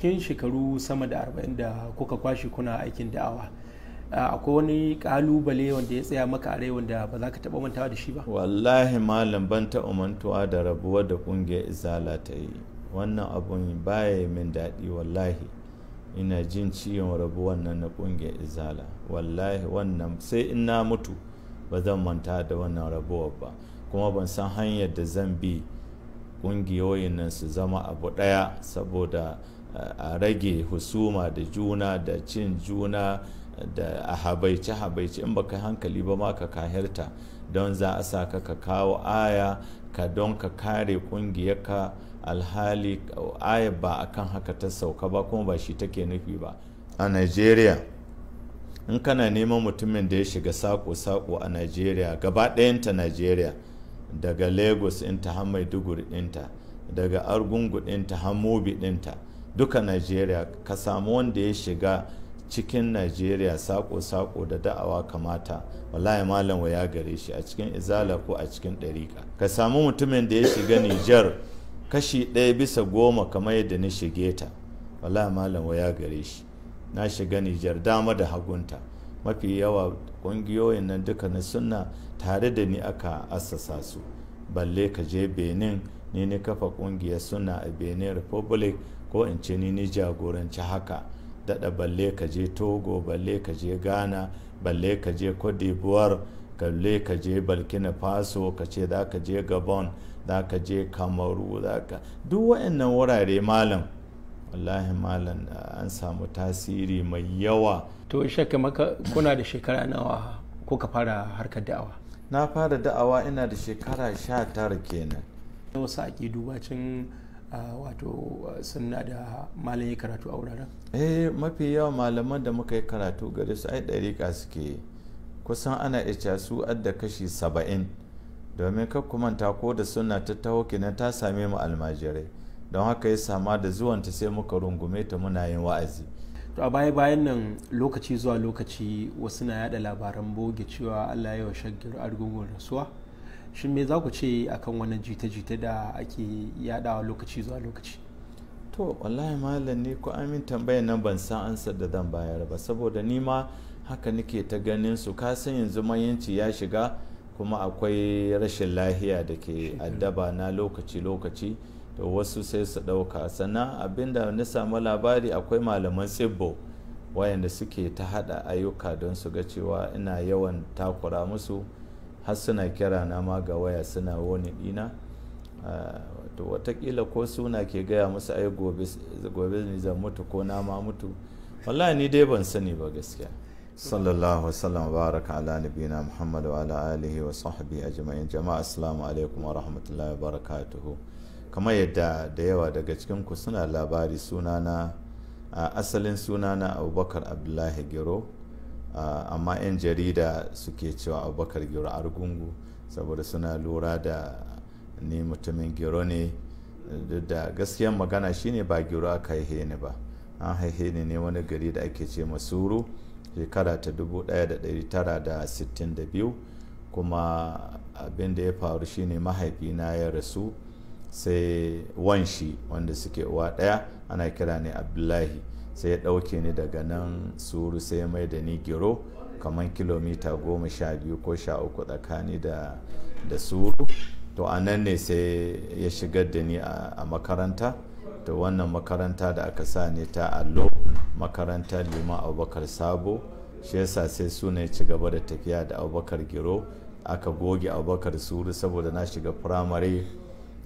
cikin shekaru sama da 40 da kuka kwashe kuna aikin da'awa akwai wani kalubale wanda ya tsaya maka a rai wanda ba za ka taba mantawa da shi ba wallahi malam ban taba mantuwa da rabuwa da ƙungiyar izala ta yi wannan abun baya min daɗi wallahi ina jin ciwon rabuwan nan na ƙungiyar izala wallahi wannan sai in na mutu ba zan manta da wannan rabuwa ba kuma ban san hanyar da zan bi ƙungiyoyin nan su zama abu ɗaya saboda a rage husuma da juna da cin juna da a habaice habaice in baka hankali ba ma ka kahirta don za a sa ka ka kawo aya ka don ka kare kungiyarka alhali aya ba a kan haka ta sauka ba kuma ba shi take nufi ba a nigeria in kana neman mutumin da ya shiga sako-sako a nigeria gaba ɗayanta nigeria daga lagos ɗinta har maiduguri ɗinta daga argungu ɗinta har mobi ɗinta duka najeriya ka samu wanda ya shiga cikin najeriya sako-sako da da'awa kamata wallahi malam wa ya gare shi a cikin izala ko a cikin ɗariƙa ka samu mutumin da ya shiga nijar kashi ɗaya bisa goma kamar yadda ni shige ta wallahi malam wa ya gare shi na shiga nijar dama da hagunta mafi yawa ƙungiyoyin nan duka na suna tare da ni aka assasa su balle ka je benin ni ni kafa ƙungiyar suna a benin republic ko in ce ni ni jagoranci haka daɗa balle ka je togo balle ka je ghana balle ka je cote d'ivoire balle ka je burkina faso ka ce za ka je gabon za ka je kamaru za ka duk waɗannan wurare malam wallahi malam an samu tasiri mai yawa to shakka maka kuna da shekara nawa kuka fara harkar da'awa na fara da'awa ina da shekara sha tara kenan wasu ake dubacin wato suna da yi karatu a wuraren eh mafi yawan malaman da muka yi karatu gare su ai ɗarika suke kusan ana ica su adda kashi saba'in domin kar ku ko da suna ta taho na ta same mu almajirai don haka ya sama da zuwanta sai muka rungume ta muna yin wa'azi to a baya bayan nan lokaci zuwa lokaci wasu na yada labaran boge cewa allah ya wa shaggar argungun rasuwa shin me za ku ce akan wannan jita-jita da ake yadawa lokaci zuwa lokaci to wallahi malam ni ko amin tambayar nan ban san ansar da zan bayar ba saboda ni ma haka nake ta ganin su kasan san yanzu mayanci ya shiga kuma akwai rashin lahiya da ke addaba na lokaci-lokaci da wasu sai su ɗauka sannan abinda na samu labari akwai malaman tsibbo wayanda suke ta hada ayyuka don su ga cewa ina yawan takura musu har suna kira na ma ga waya suna wani dina wato ah, watakila ko suna ke gaya musu ai gobe ne zan mutu ko na ma mutu wallahi ni dai ban sani ba gaskiya sallallahu wasallam baraka ala nabiyina muhammad wa ala alihi wa sahbi ajma'in jama'a assalamu alaikum wa rahmatullahi wa barakatuhu kamar yadda da yawa daga cikin ku suna labari sunana ah, asalin sunana abubakar abdullahi gero Ah, amma 'yan jarida suke cewa abubakar gero argungu saboda suna lura da ni mutumin gero ne da gaskiyan magana shine ba gero aka haihe ni ba an haihe ni ne wani gari da ake ce masuru shekara ta 1962 kuma abin da ya faru shine mahaifina ya rasu sai wanshi wanda suke uwa daya ana kira ne abdullahi sai ya ɗauke ni daga nan suru sai mai da ni giro kamar kilomita goma sha biyu ko sha uku tsakani da suru to a nan ne sai ya shigar da ni a makaranta to wannan makaranta da aka sa ne ta allo makaranta liman abubakar sabo shi yasa sai suna ci gaba da tafiya da abubakar giro aka goge abubakar suru saboda na shiga firamare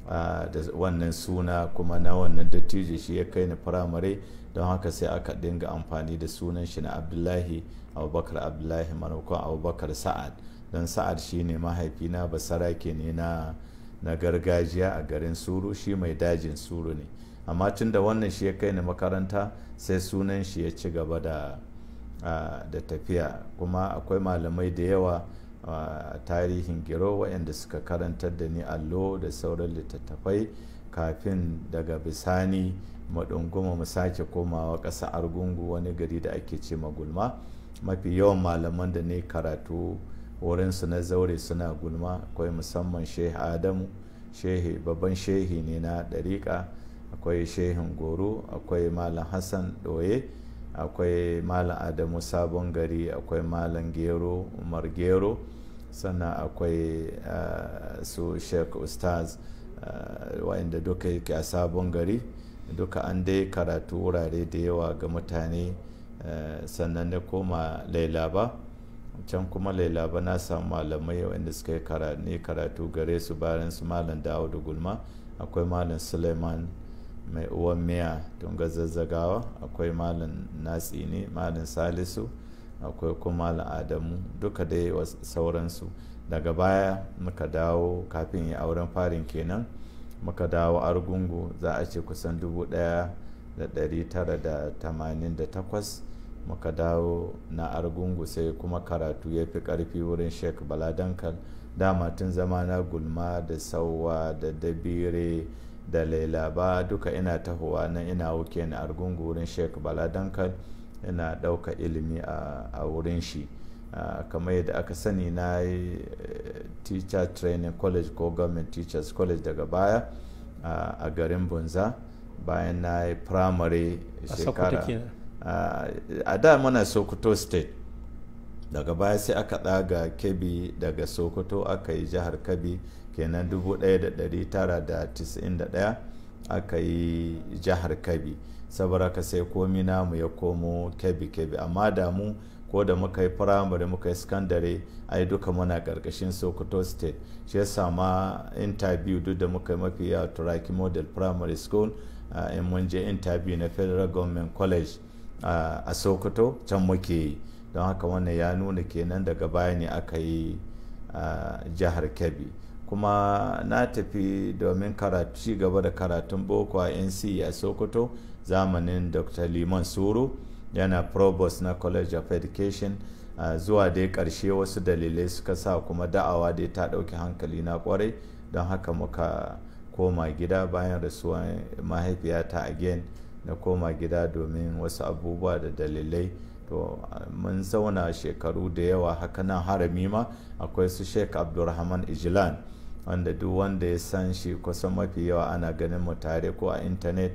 da wannan suna kuma na wannan dattijo shi ya kai ni firamare don haka sai aka dinga amfani da sunan shi na abdullahi abubakar abdullahi maimakon abubakar sa'ad don sa'ad shi ne mahaifina basarake ne na na gargajiya a garin suru shi mai dajin suru ne amma tun da wannan shi ya kai ni makaranta sai sunan shi ya ci gaba da da tafiya kuma akwai malamai da yawa a tarihin giro waɗanda suka karantar da ni allo da sauran littattafai kafin daga bisani maɗunguma mu sake komawa ƙasa argungu wani gari da ake ce gulma mafi yawan malaman da ne karatu wurinsu na zaure suna gulma akwai musamman shehi adamu shehi babban shehi ne na ɗariƙa akwai shehin goro akwai malam hassan ɗoye akwai malam adamu sabon gari akwai malam gero umar gero sannan akwai eh, su sheik ustaz eh, wa'inda duka yake a sabon gari duka an dai karatu wurare da yawa ga mutane eh, sannan na koma lailaba can kuma lailaba na samu malamai wanda suka yi karatu gare su bayan su malam da gulma akwai malam suleiman mai uwan miya tunga zazzagawa akwai malam ne malam salisu akwai kuma malam adamu duka dai sauransu daga baya muka dawo kafin ya auren farin kenan muka dawo argungu za a ce kusan 1988 muka dawo na argungu sai kuma karatu ya fi karfi wurin sheik baladankal dama tun zama na gulma da sauwa da dabire da laila ba duka ina tahowa na ina wuke na argungu wurin sheik baladankal ina ɗauka ilimi a wurin shi Ah, kamar yadda aka sani na eh, teacher training college ko government teachers college daga baya ah, a garin bunza bayan na yi primary shekara ah, a da mana sokoto state daga baya sai aka daga kebbi daga sokoto aka yi jihar kebbi kenan 1991 aka yi jihar Kabi saboda ka sai komi namu ya komo kebbi kebbi amma da mu ko da muka yi firamare muka yi sakandare a yi duka muna karkashin sokoto state shi ya sama interview duk da muka yi mafi yawa turaki model primary school in mun je interview na federal government college a sokoto can muke yi don haka wannan ya nuna kenan daga baya ne aka yi jihar kebbi kuma na tafi domin ci gaba da karatun boko a nc e a sokoto zamanin dr liman suru yana provost na college of education uh, zuwa dai karshe wasu dalilai suka sa kuma da'awa dai ta dauki hankali na kwarai don haka muka koma gida bayan rasuwa mahaifiyata again na koma gida domin wasu abubuwa da dalilai to ah, mun zauna shekaru da yawa haka nan harami ma akwai su sheik abdulrahman ijilan wanda duk wanda ya san shi kusan mafi yawa ana ganin mu tare ko a intanet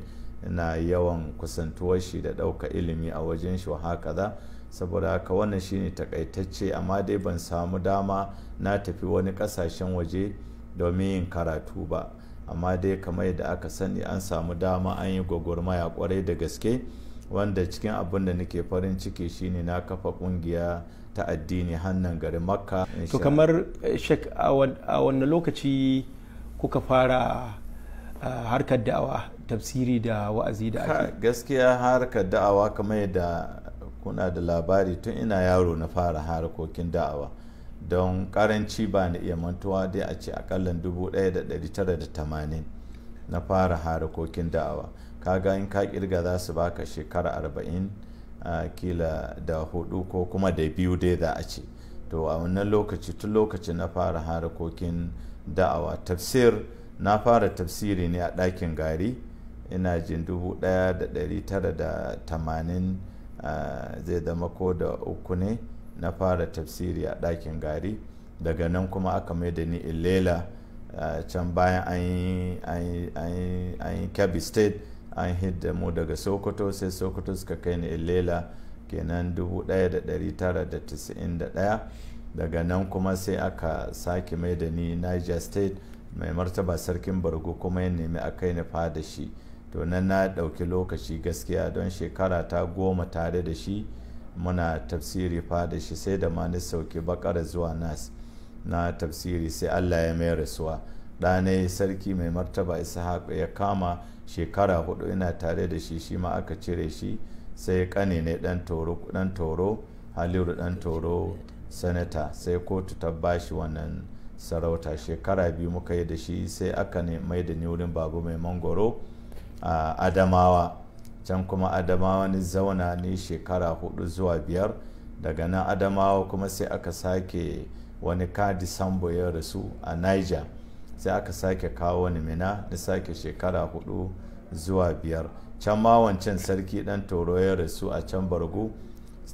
ina yawan kusantuwar shi da ɗauka ilimi a wajen shi haka za saboda haka wannan shine takaitacce amma dai ban samu dama na tafi wani ƙasashen waje domin yin karatu ba amma dai kamar yadda aka sani an samu dama an yi gwagwarmaya kwarai da gaske wanda cikin abin da nake farin ciki shine na kafa kungiya ta addini hannun garin makka to kamar eh, shek a wanne lokaci kuka fara harkar da'awa tafsiri da wa'azi da ake gaskiya harkar da'awa kamar yadda kuna da labari tun ina yaro na fara harkokin da'awa don karanci ba na iya mantuwa dai a ce akalla tamanin na fara harkokin da'awa kaga in ka kirga za su baka shekara arba'in kila da hudu ko kuma da biyu dai za a ce to a wannan lokaci tun lokaci na fara harkokin da'awa tafsir na fara tafsiri ne a ɗakin gari ina jin 1980 zai zama ko da uku ne na fara tafsiri a ɗakin gari daga nan kuma aka mai da ni ilela can bayan an yi kirby state an hidda mu daga sokoto sai sokoto suka kai ni ilela kenan da 1991 daga nan kuma sai aka sake mai da ni niger state mai martaba sarkin bargo kuma ya nemi a kai nufa da shi to nan na ɗauki lokaci gaskiya don shekara ta goma tare da shi muna tafsiri fa da shi sai da ma ni sauki bakara zuwa nas na tafsiri sai allah ya mai rasuwa ɗanai sarki mai martaba ishaq ya kama shekara hudu ina tare da shi shi ma aka cire shi sai kane ne dan toro dan toro haliru dan toro sanata sai kotu ta bashi wannan sarauta shekara biyu muka yi da shi sai aka mai da ni wurin babu mai mangoro a adamawa can kuma adamawa ne zauna ni shekara hudu zuwa biyar daga nan adamawa kuma sai aka sake wani kadi sambo ya rasu a niger sai aka sake kawo wani mina na sake shekara hudu zuwa biyar can ma wancan sarki dan toro ya rasu a can bargu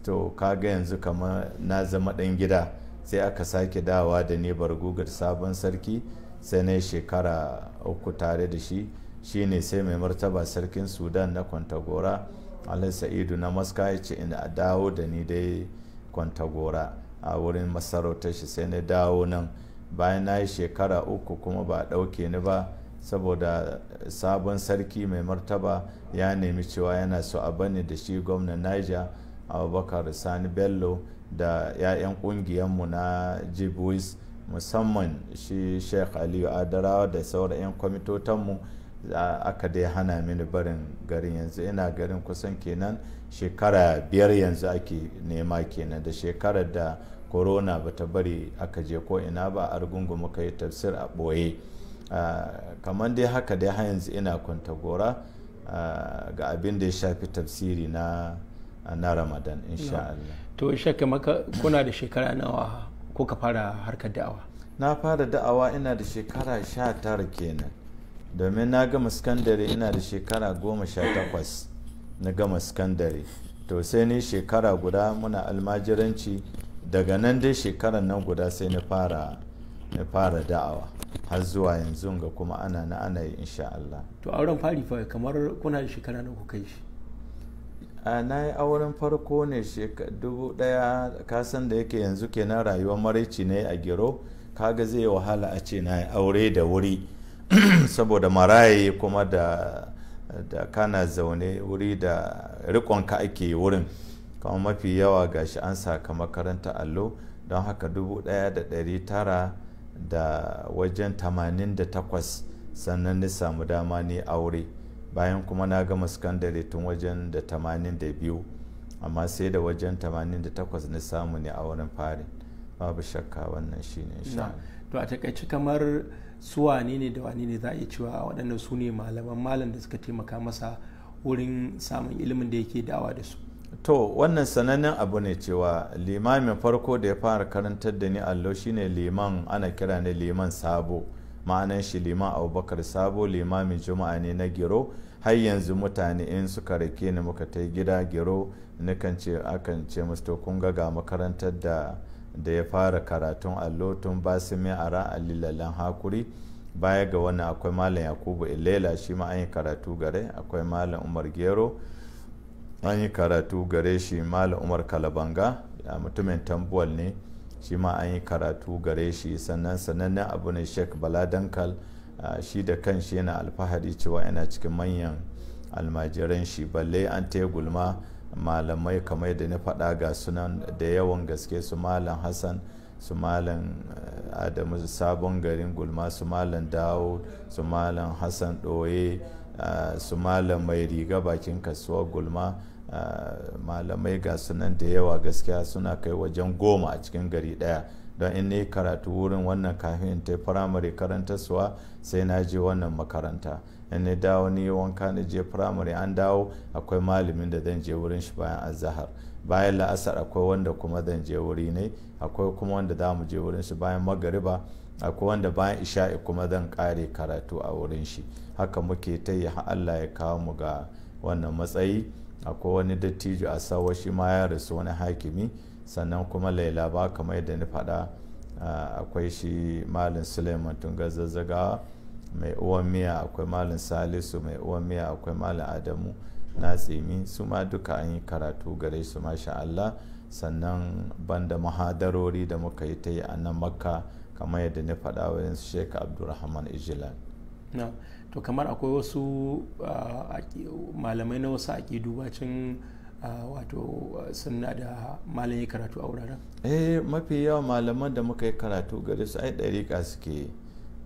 to kaga yanzu kamar na zama dan gida sai aka sake dawa da nebar gugar sabon sarki sai na shekara uku tare da shi shine sai mai martaba sarkin sudan na kwantagora alhaji na maska ya ce ina dawo da ni dai kwantagora a wurin masarautar shi sai na dawo nan bayan na yi shekara uku kuma ba a ɗauke ni ba saboda sabon sarki mai martaba ya nemi cewa yana so a bane da shi gwamnan niger abubakar sani bello da 'ya'yan mu na jibois musamman shi sheikh aliyu adarawa da sauran 'yan da aka dai hana mini barin garin yanzu ina garin kusan kenan shekara biyar yanzu ake nema kenan da shekarar da corona ta bari aka je ko ina ba a argungu muka yi tafsir a ɓoye ah, kamar dai haka dai har yanzu ina kwanta gora ah, ga abin da ya shafi tafsiri na na ramadan insha Allah to shakka maka kuna da shekara nawa kuka fara harkar da'awa na fara da'awa ina da shekara sha tara kenan domin na gama sakandare ina da shekara goma sha takwas na gama sakandare to sai ni shekara guda muna almajiranci daga nan dai shekara nan guda sai na fara na fara da'awa har zuwa yanzu ga kuma ana na ana yi insha Allah to auren fari fa kamar kuna da shekara nawa kuka yi shi na yi auren farko ne dubu daya kasan da yake yanzu kenan rayuwar maraici ne a gero kaga zai yi wahala a ce na yi aure da wuri saboda maraye kuma da da kana zaune wuri da rikonka ake wurin kuma mafi yawa ga shi an saka makaranta allo don haka dubu daya da dari tara da wajen tamanin da takwas sannan ni samu dama ne aure bayan kuma na gama sakandare tun wajen da 82 amma sai da wajen 88 na samu ne a wurin farin babu shakka wannan shine to a takaici kamar su wane ne da wani ne za a yi cewa waɗannan su ne malaman malam da suka taimaka masa wurin samun ilimin da yake dawa da su to wannan sanannen abu ne cewa limamin farko da ya fara karantar da ni allo shine liman ana kira ne liman sabo ma'anan shi liman abubakar sabo limamin juma'a ne na gero har yanzu mutane in suka rake ni muka ta gida gero nukan ce akan ce musu kun ga makarantar da ya fara karatun allo tun ba su mai ara alilalan hakuri baya ga wannan akwai malam yakubu ilela shi ma an yi karatu gare akwai malam umar gero an yi karatu gare shi malam umar kalabanga mutumin tambuwal ne shi ma an yi karatu gare shi sannan sanannen abu ne sheik bala dankal shi da kan shi yana alfahari cewa yana cikin manyan almajiran shi balle an gulma malamai kamar da na faɗa ga sunan da yawan gaske su malam hassan su malam adamu sabon garin gulma su malam dawo su malam hassan ɗoye su malam mai riga bakin kasuwar gulma malamai ga sunan da yawa gaskiya suna kai wajen goma a cikin gari daya don in ne karatu wurin wannan kafin ta firamare karantarsuwa sai na je wannan makaranta in ne dawo ni wanka na je firamare an dawo akwai malamin da zan je wurin shi bayan azahar bayan la'asar akwai wanda kuma zan je wuri ne akwai kuma wanda za mu je wurin shi bayan magariba akwai wanda bayan isha'i kuma zan kare karatu a wurin shi haka muke ta yi Allah ya kawo mu ga wannan matsayi akwai wani dattijo a sawa shi ma ya rasu wani hakimi sannan kuma laila ba kamar yadda ni faɗa akwai shi malin suleiman tunga zazzagawa mai uwan miya akwai malin salisu mai uwan miya akwai malin adamu na tsimi su ma duka an yi karatu gare su masha Allah sannan banda mahadarori da muka yi ta yi a nan makka kamar yadda ni faɗa wa yanzu sheik abdulrahman ijilan to kamar akwai wasu malamai na wasu ake dubacin wato suna da malam ya karatu a wuraren eh mafi yawan malaman da muka yi karatu gare su ai ɗarika suke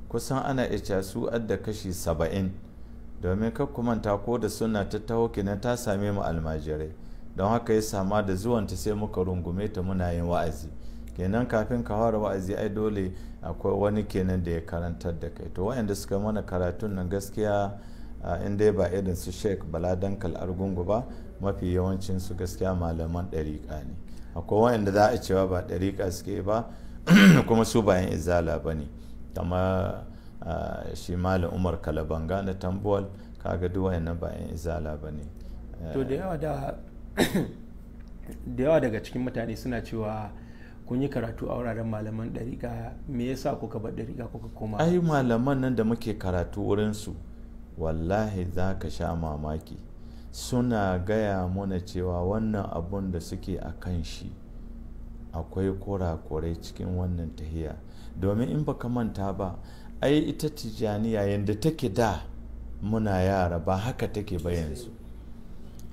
kusan ana iya su adda kashi saba'in domin manta ko da suna ta taho kenan ta same mu almajirai don haka ya sama da zuwanta sai muka rungume ta muna yin wa'azi kenan kafin ka fara wa'azi ai dole akwai wani kenan da ya karantar da kai to wayanda suka mana karatun nan gaskiya in dai ba irin su sheik bala dankal argungu ba mafi yawancin su gaskiya malaman ɗariƙa ne akwai wayanda za a cewa ba ɗariƙa suke ba kuma su bayan izala ba ne kamar shi malam umar kalabanga na tambuwal kaga duk wayannan bayan izala ba ne to da yawa daga cikin mutane suna cewa kun yi karatu a wuraren malaman ɗariƙa me yasa kuka bar ɗariƙa kuka koma ai malaman nan da muke karatu wurin su wallahi za ka sha mamaki suna gaya mana cewa wannan abun da suke a kan shi akwai kurakurai cikin wannan tahiya domin in baka manta ba ai ita tijaniya yadda take da muna yara ba haka take ba yanzu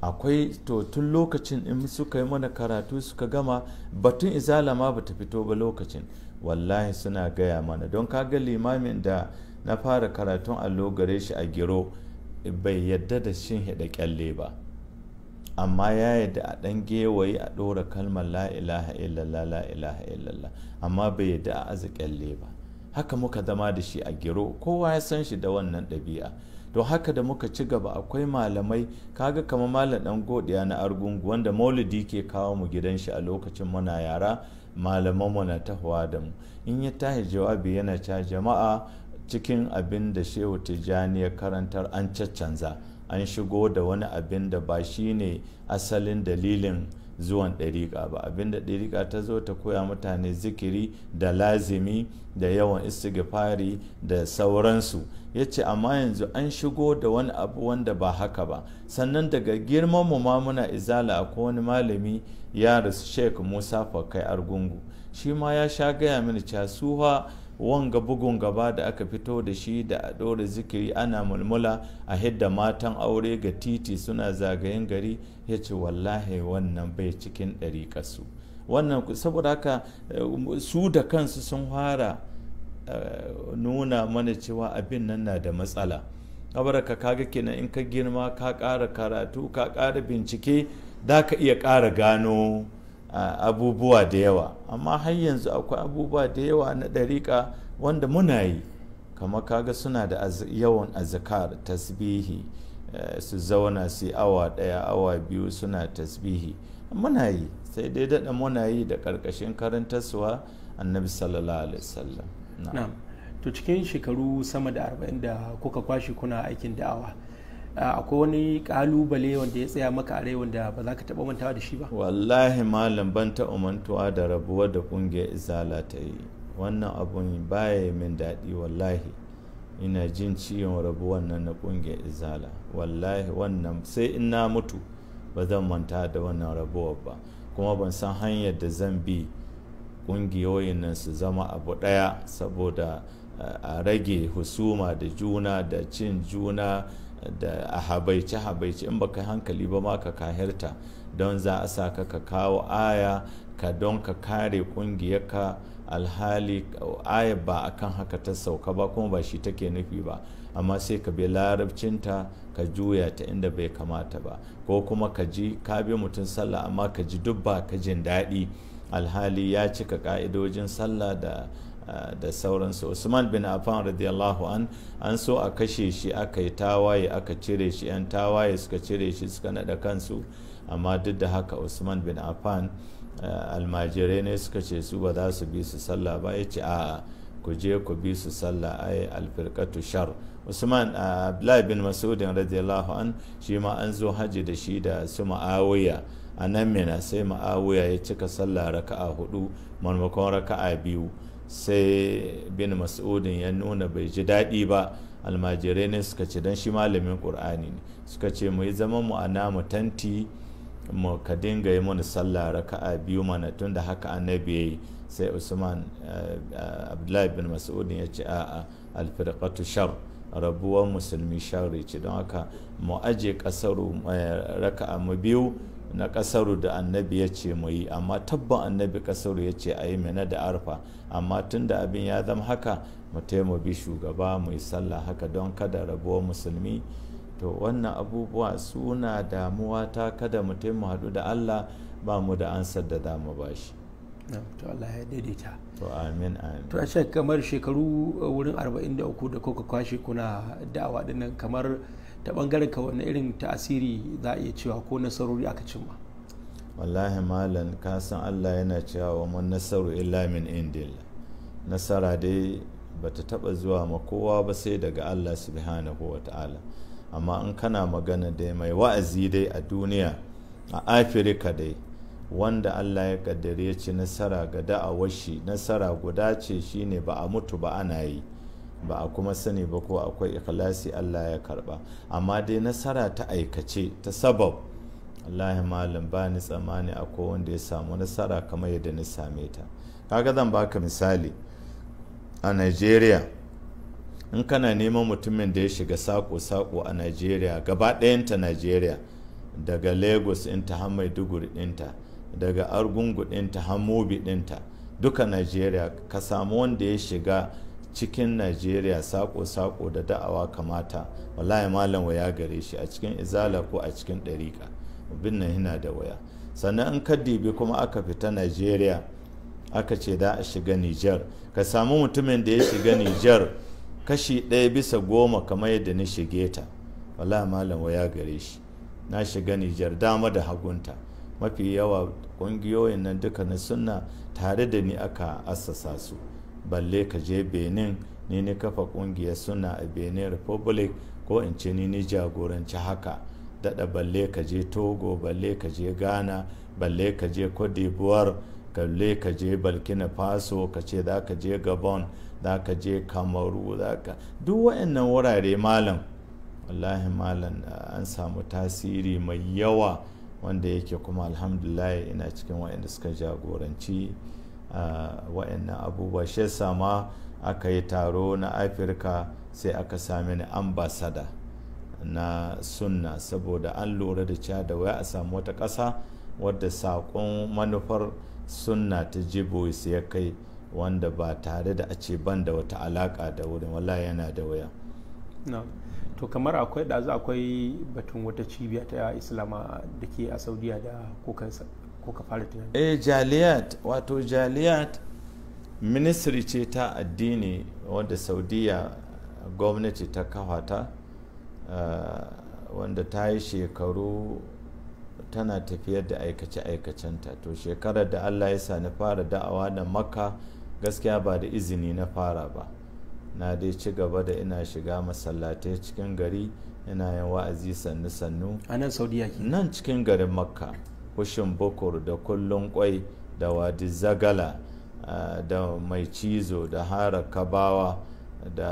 akwai to tun lokacin in suka yi mana karatu suka gama batun izala ma bata fito ba lokacin wallahi suna gaya mana don kaga limamin da na fara karatun allo gare shi a gero bai yadda da shin hida kyalle ba amma ya yadda a ɗan gewaye a ɗora kalmar la ilaha illallah la ilaha illallah amma bai yadda a aza kyalle ba haka muka zama da shi a gero kowa ya san shi da wannan ɗabi'a don haka da muka ci gaba akwai malamai kaga kama malam dan godiya na argungu wanda maulidi ke kawo mu gidan shi a lokacin muna yara malaman mu na tahowa da mu in ya tahi jawabi yana ta jama'a cikin abin da shehu tijjani ya karantar an caccanza an shigo da wani abin da ba shi ne asalin dalilin zuwan ɗariƙa ba abinda ɗariƙa ta zo ta koya mutane zikiri da lazimi da yawan istighfari da sauransu ya ce amma yanzu an shigo da wani abu wanda ba haka ba sannan daga girman mu ma muna izala akwai wani malami ya rasu sheik musa fakai argungu shi ma ya sha gaya mini cewa casuwa wanga bugun gaba da aka fito da shi da a ɗora zikiri ana mulmula a hidda matan aure ga titi suna zagayen gari ya ce wallahi wannan bai cikin ɗari kasu wannan saboda haka eh, su da kansu sun fara nuna mana cewa abin nan na da matsala ka kaga kenan in ka girma ka kara karatu ka ƙara bincike za ka iya ƙara gano abubuwa da yawa amma har yanzu akwai abubuwa da yawa na ɗariƙa wanda muna yi kama kaga suna da yawan azkar tasbihi eh, su zauna su awa ɗaya awa biyu suna tasbihi muna yi sai dai daɗa muna yi da ƙarƙashin karantarsuwa annabi sallallahu alaihi wasallam na'am to cikin shekaru sama da 40 da kuka kwashi kuna aikin da'awa akwai wani kalubale wanda ya tsaya maka arewa wanda ba za ka taɓa mantawa da shi ba wallahi malam ban ta umantuwa da rabuwa da ƙungiyar izala ta yi wannan abun baya min daɗi wallahi ina jin ciwon rabuwan nan na ƙungiyar izala wallahi wannan sai in na mutu ba zan manta da wannan rabuwar ba kuma ban san hanyar da zan bi kungiyoyin nan su zama abu ɗaya saboda eh, a rage husuma da juna da cin juna da a habaice habaice in baka hankali ba ma ka kahirta don za a sa ka ka kawo aya ka don ka kare ƙungiyarka alhali aya ba akan haka ta sauka ba kuma ba shi take nufi ba amma sai ka bi larabcinta ka juya ta inda bai kamata ba ko kuma ka ji ka bi mutum sallah amma ka ji duk ba ka jin daɗi alhali ya cika ka'idojin sallah da da sauransu usman bin afan radiyallahu an an so a kashe shi aka yi tawaye aka cire shi 'yan tawaye suka cire shi suka naɗa kansu amma duk da haka usman bin affan almajirai ne suka ce su ba za su bi su sallah ba ya ce a'a ku je ku bi su sallah ai alfirkatu shar usman abdullahi bin masudin radiyallahu an shi ma an zo haji da shi da su ma'awiya a nan na sai ma'awuya ya cika sallah raka'a hudu maimakon raka'a biyu sai bin mas'udin ya nuna bai ji daɗi ba almajirai ne suka ce don shi malamin ƙur'ani ne suka ce mu yi zaman mu ana mu tanti mu ka dinga yi mana sallah raka'a biyu mana tun da haka annabi ya sai usman eh, eh, abdullahi bin mas'udin ya ce a alfirqatu shar rabuwar musulmi shari ce don haka mu aje raka eh, raka'a mu biyu na kasaru da annabi ya ce mu yi amma tabban annabi kasaru ya ce a yi mina da arfa amma tun da abin ya zama haka mu taimu bi shugaba mu yi sallah haka don kada rabuwar musulmi to wannan abubuwa suna damuwa ta kada mu taimu haɗu da allah ba mu da ansar da damu ba shi to allah ya daidaita to amin amin to a kamar shekaru uh, wurin 43 da kuka kwashe kuna da'awa dinnan kamar ta bangaren ka wani irin tasiri za a iya cewa ko nasarori aka cimma wallahi malam ka san Allah yana cewa wa mun nasaru illa min indil nasara dai bata taba zuwa ma kowa ba sai daga Allah subhanahu wa ta'ala amma in kana magana dai mai wa'azi dai a duniya a afirka dai wanda allah ya kaddare ya ci nasara ga da'awar shi nasara guda ce shine ba a mutu ba ana yi ba a kuma sani ba ko akwai ikhlasi Allah ya karba amma dai nasara ta aikace ta sabab Allah malam ba ni tsammani akwai wanda ya samu nasara kamar yadda na same ta kaga zan baka misali a nigeria in kana neman mutumin da ya shiga sako-sako a nigeria gaba ɗayanta nigeria daga Lagos inta har Maiduguri ɗinta daga Argungu ɗinta har Mobi ɗinta duka nigeria ka samu wanda ya shiga cikin najeriya sako-sako da da'awa kamata wallahi malam waya gare shi a cikin izala ko a cikin ɗariƙa abin nan yana da waya sannan in ka kuma aka fita najeriya aka ce da a shiga nijar ka samu mutumin da ya shiga nijar kashi ɗaya bisa goma kamar yadda ni shige ta wallahi malam waya gare shi na shiga nijar dama da hagunta mafi yawa ƙungiyoyin nan duka na suna tare da ni aka assasa su balle ka je benin ni ni kafa kungiyar suna a benin republic ko in ce ni ni jagoranci haka daɗa balle ka je togo balle ka je ghana balle ka je cote d'ivoire balle ka je balkina faso ka ce za ka je gabon za ka je kamaru za ka duk waɗannan wurare malam wallahi malam an samu tasiri mai yawa wanda yake kuma alhamdulillah ina cikin waɗanda suka jagoranci waɗannan abubuwa shi sama aka yi taro na afirka sai aka sami ni ambasada na sunna saboda an lura da cewa da waya a samu wata ƙasa wadda saƙon manufar sunna ta jibois ya kai wanda ba tare da a ce ban da wata alaƙa da wurin wala yana da waya to kamar akwai ɗazu akwai batun wata cibiya ta islama da ke a saudiya da kuka ka fara tunani eh jaliyat wato jaliyat ministry ce ta addini wanda saudiya gwamnati ta kafa ta eh, wanda ta yi shekaru tana tafiyar da aikace-aikacenta to shekarar da allah ya sani fara da'awa da makka gaskiya ba da izini na fara ba na dai ci gaba da ina shiga masallatai cikin gari ina yin wa'azi sannu-sannu a nan saudiya nan cikin garin makka hushin bukur da kullun kwai da wadi zagala da mai cizo da hara kabawa da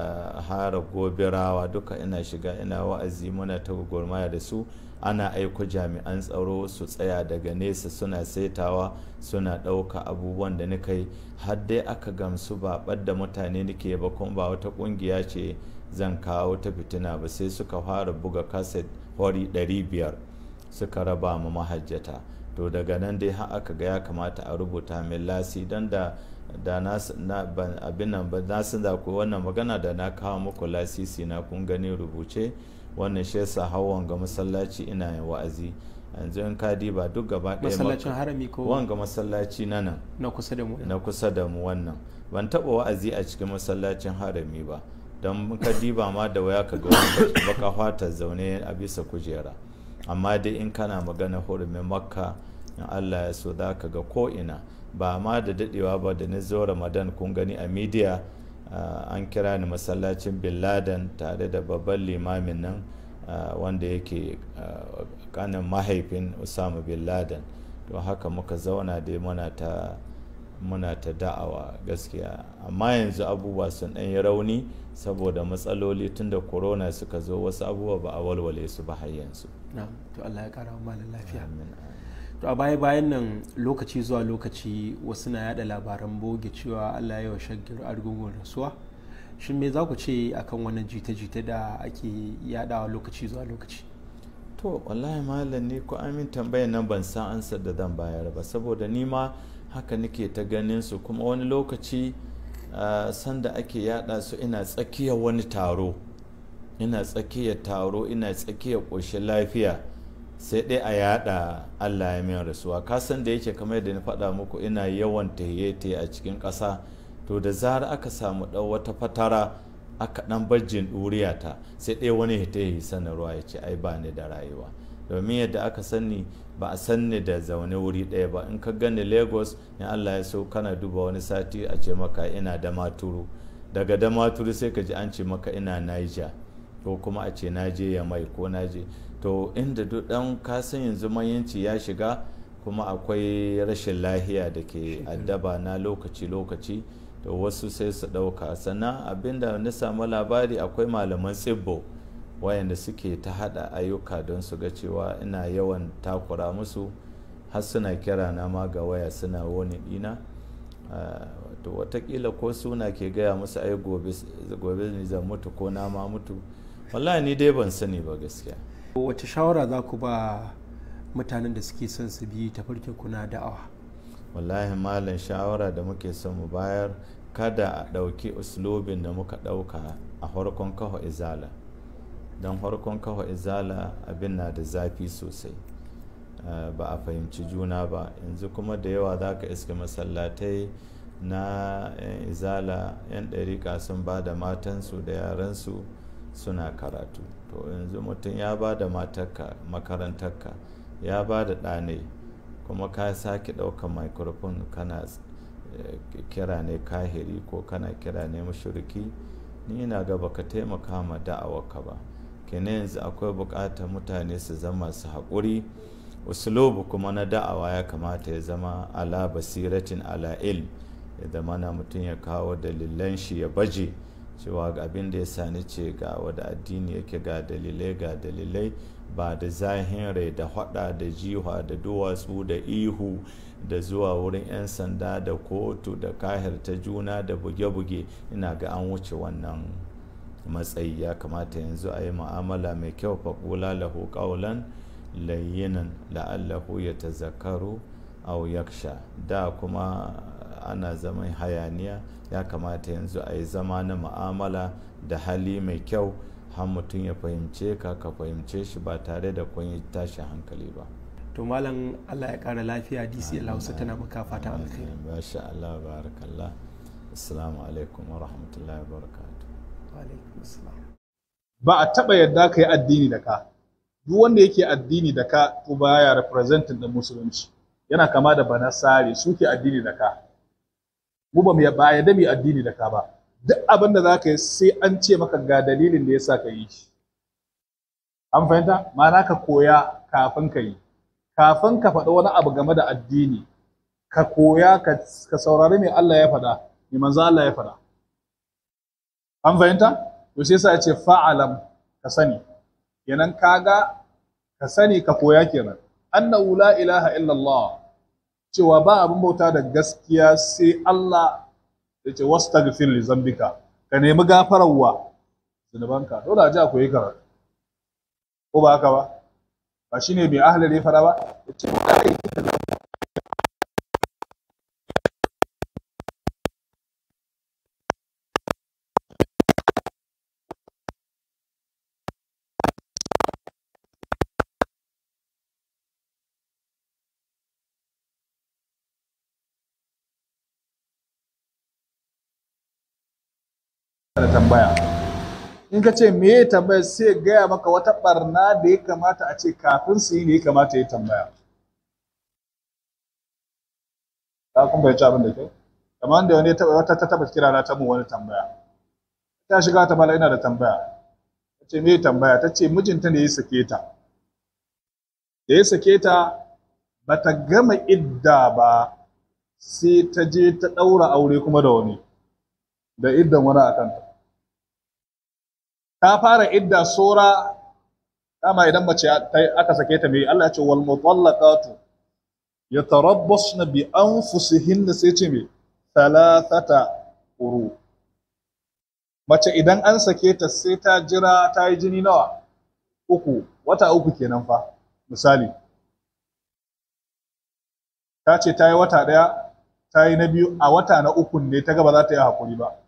hara gobirawa duka ina shiga ina wa'azi muna ta gurmaya da su ana aiko jami'an tsaro su tsaya daga nesa suna saitawa suna ɗauka abubuwan da nika yi har dai aka gamsu ba da mutane nike ba kuma ba wata ƙungiya ce zan kawo ta fitina ba sai suka fara buga kaset hori 500 suka raba ma mahajjata to daga nan dai har aka ga ya kamata a rubuta mai lasi don da da abin nan ba na san da ku wannan magana da na kawo muku lasisi na kun gani rubuce wannan shi yasa hawan ga masallaci ina yin wa'azi yanzu in ka diba duk gaba ɗaya masallacin harami ko wanga masallaci na nan na kusa da mu na kusa da mu wannan ban taba wa'azi a cikin masallacin harami ba don ka diba ma da waya ka ga baka fata zaune a bisa kujera amma dai in kana magana hurumin makka in allah ya so za ka ga ko'ina ba ma da dadewa ba da na zo ramadan kun gani a midiya an kira ni masallacin bin laden tare da babban limamin nan wanda yake kanin mahaifin usama bin laden don haka muka zauna dai muna ta muna ta da'awa gaskiya amma yanzu abubuwa sun ɗan yi rauni saboda matsaloli tunda corona suka zo wasu abubuwa ba a walwale su ba har yanzu na to Allah ya kara malam lafiya to a baya bayan nan lokaci zuwa lokaci wasu na yada labaran boge cewa Allah ya wa shaggir argungun rasuwa shin me za ku ce akan wannan jita-jita da ake yadawa lokaci zuwa lokaci to wallahi malam ne ko amin tambayar nan ban san ansar da zan bayar ba saboda ni ma haka nake ta ganin su kuma wani lokaci ah, sanda ake yada su ina tsakiyar wani taro ina tsakiyar taro ina tsakiyar ƙoshin lafiya sai dai a yada allah ya min rasuwa kasan da yake kamar da na faɗa muku ina yawan tahiye a cikin ƙasa to da zarar aka samu ɗau wata fatara aka ɗan barjin ɗuriya ta sai ɗaya wani ya tahi sanarwa ya ce ai ba ni da rayuwa domin yadda aka sani ba a sanni da zaune wuri ɗaya ba in ka gani lagos in allah ya so kana duba wani sati a ce maka ina da maturu daga da maturu sai ka ji an ce maka ina niger ko kuma a ce naje ya mai ko naje to inda duk dan kasan yanzu mayanci ya shiga kuma akwai rashin lahiya da ke addaba na lokaci-lokaci to wasu sai su ɗauka sannan abinda na samu labari akwai malaman tsibbo wayanda suke ta hada ayyuka don su ga cewa ina yawan takura musu har suna kira na ma ga waya suna wani dina ah, to watakila ko suna ke gaya musu ai gobe ne zan mutu ko nama mutu wallahi ni dai ban sani ba gaskiya wace shawara za ku ba mutanen da suke son su bi tafarkin kuna da'awa wallahi malam shawara da muke son mu bayar kada a ɗauki uslubin da muka ɗauka a harkon kawo izala don harkon kawo izala abin na da zafi sosai ah, ba a fahimci juna ba yanzu kuma da yawa za ka iska masallatai na eh, izala 'yan dariƙa sun ba da matansu da yaransu suna karatu to yanzu mutum ya ba da matarka makarantarka ya ba da ɗane kuma ka sake ɗaukar microphone kana eh, kira ne kahiri ko kana kira ne mashiriki ni yana ga baka taimaka ma da'awarka ba kene yanzu akwai bukatar mutane su zama su haƙuri usulubu kuma na da'awa ya kamata ya zama ala basiratin ala il mana mutum ya kawo dalilan shi ya baje cewa ga abin da ya sani ce ga wada addini yake ga dalilai ga dalilai ba da zahin da hada da jiwa da duwatsu da ihu da zuwa wurin 'yan sanda da kotu da ta juna da buge-buge ina ga an wuce wannan matsayi ya kamata yanzu a yi ma'amala mai kyau faƙula lahu ƙaulan layyinan la'allahu ya tazakaru au da kuma ana zaman hayaniya ya kamata yanzu a yi zama na ma'amala da hali mai kyau har mutum ya fahimce ka ka fahimce shi ba tare da kun yi tashi hankali ba to malam allah ya kara lafiya dcl hausa tana muka fata alkhairi sha allah barakallah assalamu alaikum wa rahmatullahi wa barakatuh wa alaikum assalam ba a taba yadda ka yi addini da ka duk wanda yake addini da ka to baya representing da musulunci yana kama da banasari suke addini da ka mu ba mu dami da mu addini da ka ba duk abin da zaka yi sai an ce maka ga dalilin da yasa ka yi shi an fahimta ma'ana ka koya kafin ka yi kafin ka faɗi wani abu game da addini ka koya ka saurari mai Allah ya faɗa mai manzo Allah ya faɗa an fahimta to sai sa ya ce fa'alam ka sani kenan kaga ka sani ka koya kenan annahu la ilaha illallah cewa ba abin bauta da gaskiya sai Allah ya ce wasu tagfin lizambika ka nemi gafararwa zunubanka dole a ji akwai karatu ko ba haka ba ba shine mai ahalar ya fara ba ya ce da tambaya in ka ce me tambaya sai gaya maka wata barna da ya kamata a ce kafin su yi ne ya kamata ya tambaya ta kun bai abin da kai? kamar da wani wata ta taba kira na ta mu wani tambaya ta shiga ta mala ina da tambaya ta ce me tambaya ta ce mijinta ne ya sake ta da ya sake ta bata gama idda ba sai ta je ta ɗaura aure kuma da wani da iddan wani a kanta ta fara idda sura dama idan mace aka sake ta mai Allah ya ce wal mutallaqatu yatarabbasna bi anfusihinna sai ce mai thalathata quru mace idan an sake ta sai ta jira ta yi jini nawa uku wata uku kenan fa misali ta ce ta yi wata ɗaya ta yi na biyu a wata na uku ne ta gaba za ta yi hakuri ba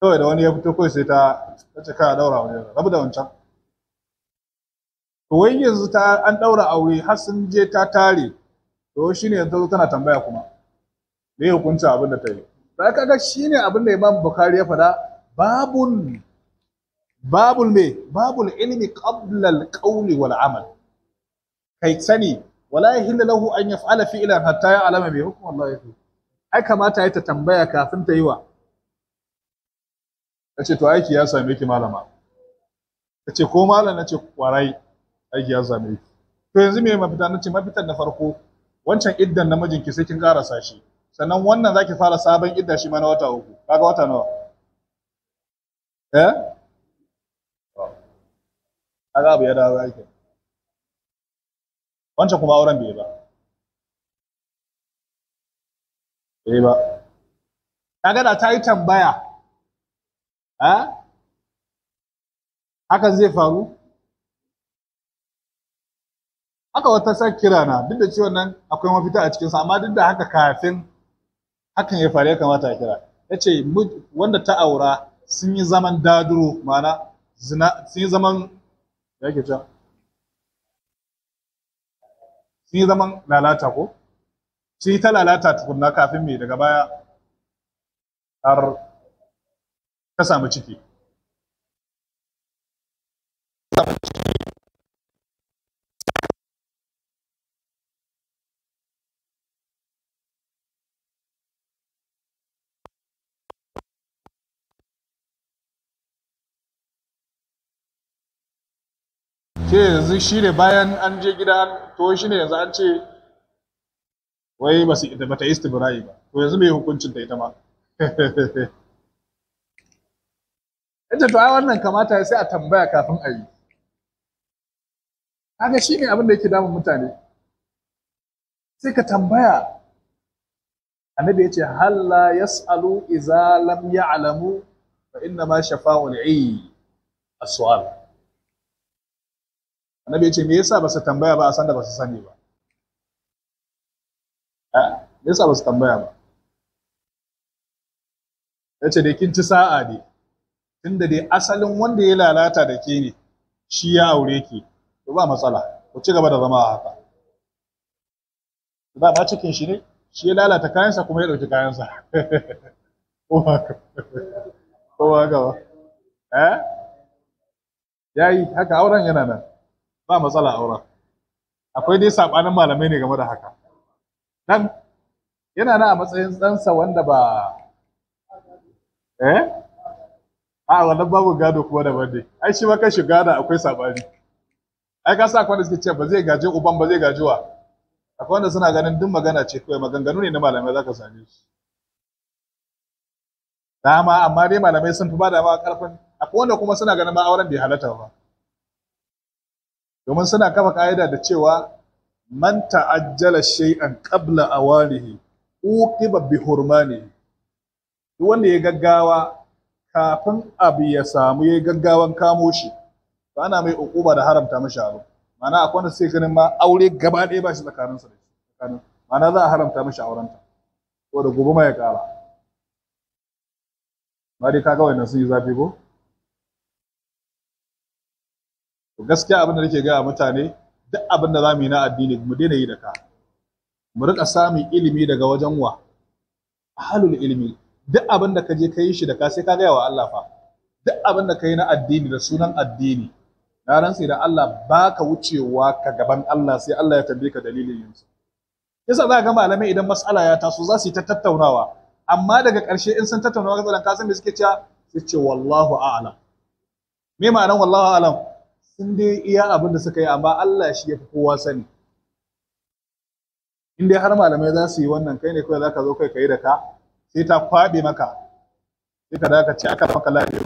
kawai da wani ya fito kawai sai ta wace kai a wani aure rabu da wancan to wai yanzu ta an daura aure har sun je ta tare to shine yanzu tana tambaya kuma me hukunci abin da ta yi kaga shine abin da Imam Bukhari ya faɗa babun babul me babul ilmi qabla al-qawli wal amal kai sani wala yahillu lahu an yaf'ala fi'lan hatta ya'lama bi hukmi Allah yake ai kamata ya ta tambaya kafin ta yi wa Ka ce to aiki ya same ki malama ta ce ko malam na ce kwarai aiki ya same ki to yanzu me mafita na ce mafitar na farko wancan iddan namijin ki sai kin karasa shi sannan wannan zaki fara sabon idda shi ma na wata uku kaga wata nawa eh kaga abu ya dawo aiki wancan kuma auren bai ba bai ba kaga da ta yi tambaya Haka hakan zai faru haka wata sa kira na duk da cewa nan akwai mafita a cikinsa amma duk da haka kafin hakan ya faru ya kamata a kira ya ce wanda ta aura sun yi zaman daduro mana sun yi zaman ya ke can sun yi zaman lalata ko sun yi ta lalata tukunna kafin mai daga baya har ka samu ciki ke yanzu shi ne bayan an je gida an to shi ne yanzu an ce wai ba ta yi istibira'i ba to yanzu mai hukuncin ta ita ma yace to ai wannan kamata sai a tambaya kafin a yi kaga shine abin da yake damun mutane sai ka tambaya annabi ce halla yasalu iza lam ya'lamu fa inna ma shafa'ul ayy as-su'al annabi ce me yasa ba su tambaya ba a san da ba su sani ba ah, me yasa ba su tambaya ba yace da kin ci sa'a ne tunda dai asalin wanda ya lalata da ke ne shi ya aure ki to ba matsala ku ci gaba da zama a haka da ba cikin shi ne shi ya lalata kayansa kuma ya ɗauki kayansa ko ka ba eh ya yi haka auren yana nan ba matsala auren akwai dai saɓanin malamai ne game da haka dan yana nan a matsayin tsansa wanda ba eh a wannan babu gado kuma da bane ai shi maka kan shi gada akwai sabani ai ka sa kwanda suke cewa ba zai gaje uban ba zai gaje wa akwai wanda suna ganin duk magana ce kawai maganganu ne na malamai zaka same su dama amma dai malamai sun fi ba da ma karfin akwai wanda kuma suna ganin ma auren bai halatta ba domin suna kafa ka'ida da cewa man ta'ajjala shay'an qabla awanihi uqiba bi hurmani duk wanda ya gaggawa kafin abu ya samu ya gaggawan kamo shi ba na mai ukuba da haramta mashi abu ma'ana akwai wanda sai ganin ma aure gaba ɗaya ba shi tsakaninsa da shi ma'ana za a haramta mashi aurenta ko da gobe ma ya ƙara ba dai kaga wannan sun yi zafi ko gaskiya abin da nake gaya mutane duk abin da za mu yi na addini mu daina yi da ka mu rika samun ilimi daga wajen wa ahalul ilimi duk abin da ka je ka yi shi da ka sai ka gaya wa Allah fa duk abin da ka yi na addini da sunan addini na sai da Allah ba ka wucewa ka gaban Allah sai Allah ya tambaye ka dalilin yanzu yasa za ga malamai idan masala ya taso za su yi ta tattaunawa amma daga ƙarshe in sun tattaunawa matsalan ka san me suke cewa sai ce wallahu a'lam me ma'anar wallahu a'lam sun dai iya abin da suka yi amma Allah shi ya fi kowa sani in dai har malamai za su yi wannan kai ne kawai za ka zo kai ka yi da ka sai ta kwaɓe maka sai ka daga ce aka maka lafiya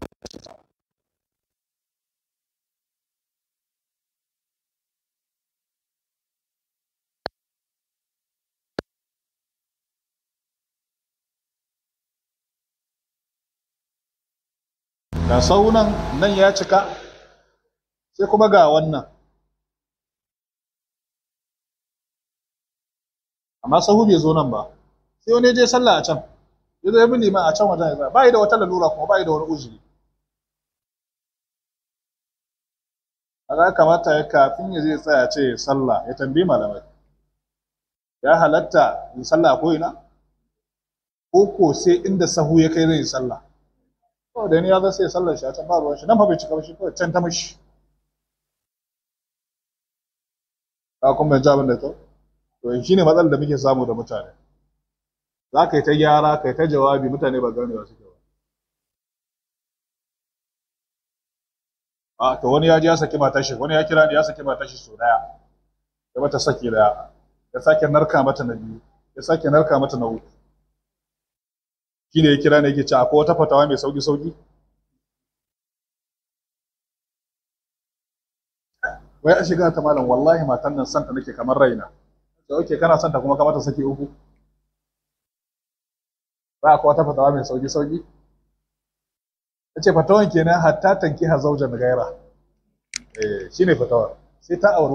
ga saunan nan ya cika sai kuma ga wannan amma sahu bai zo nan ba sai wani je sallah a can ya zo ya bi liman a can wajen ya ba yi da wata lalura kuma ba yi da wani uzuri a kamata ya kafin ya zai tsaya ce sallah ya tambayi malamai ya halatta yin sallah ko ina ko ko sai inda sahu ya kai zai yi sallah ko da ni ya zai sallah shi a can ba shi nan fa bai cika ba shi ko can ta mashi ka kuma jabin da to to shine matsalar da muke samu da mutane za ka yi ta gyara ka yi ta jawabi mutane ba gane ba suke ba a to wani ya ji ya saki matar shi wani ya kira ni ya saki matar shi so daya ya mata saki daya ya sake narka mata na biyu ya sake narka mata na uku shi ne ya kira ne yake ce akwai wata fatawa mai sauki sauki wai a shiga ta malam wallahi matan nan santa nake kamar raina da oke kana santa kuma kamata saki uku ba akwai wata fatawa mai sauki sauki ce fatawan kenan hatta tanki tankiha zaujan gaira eh shine fatawa sai ta auri.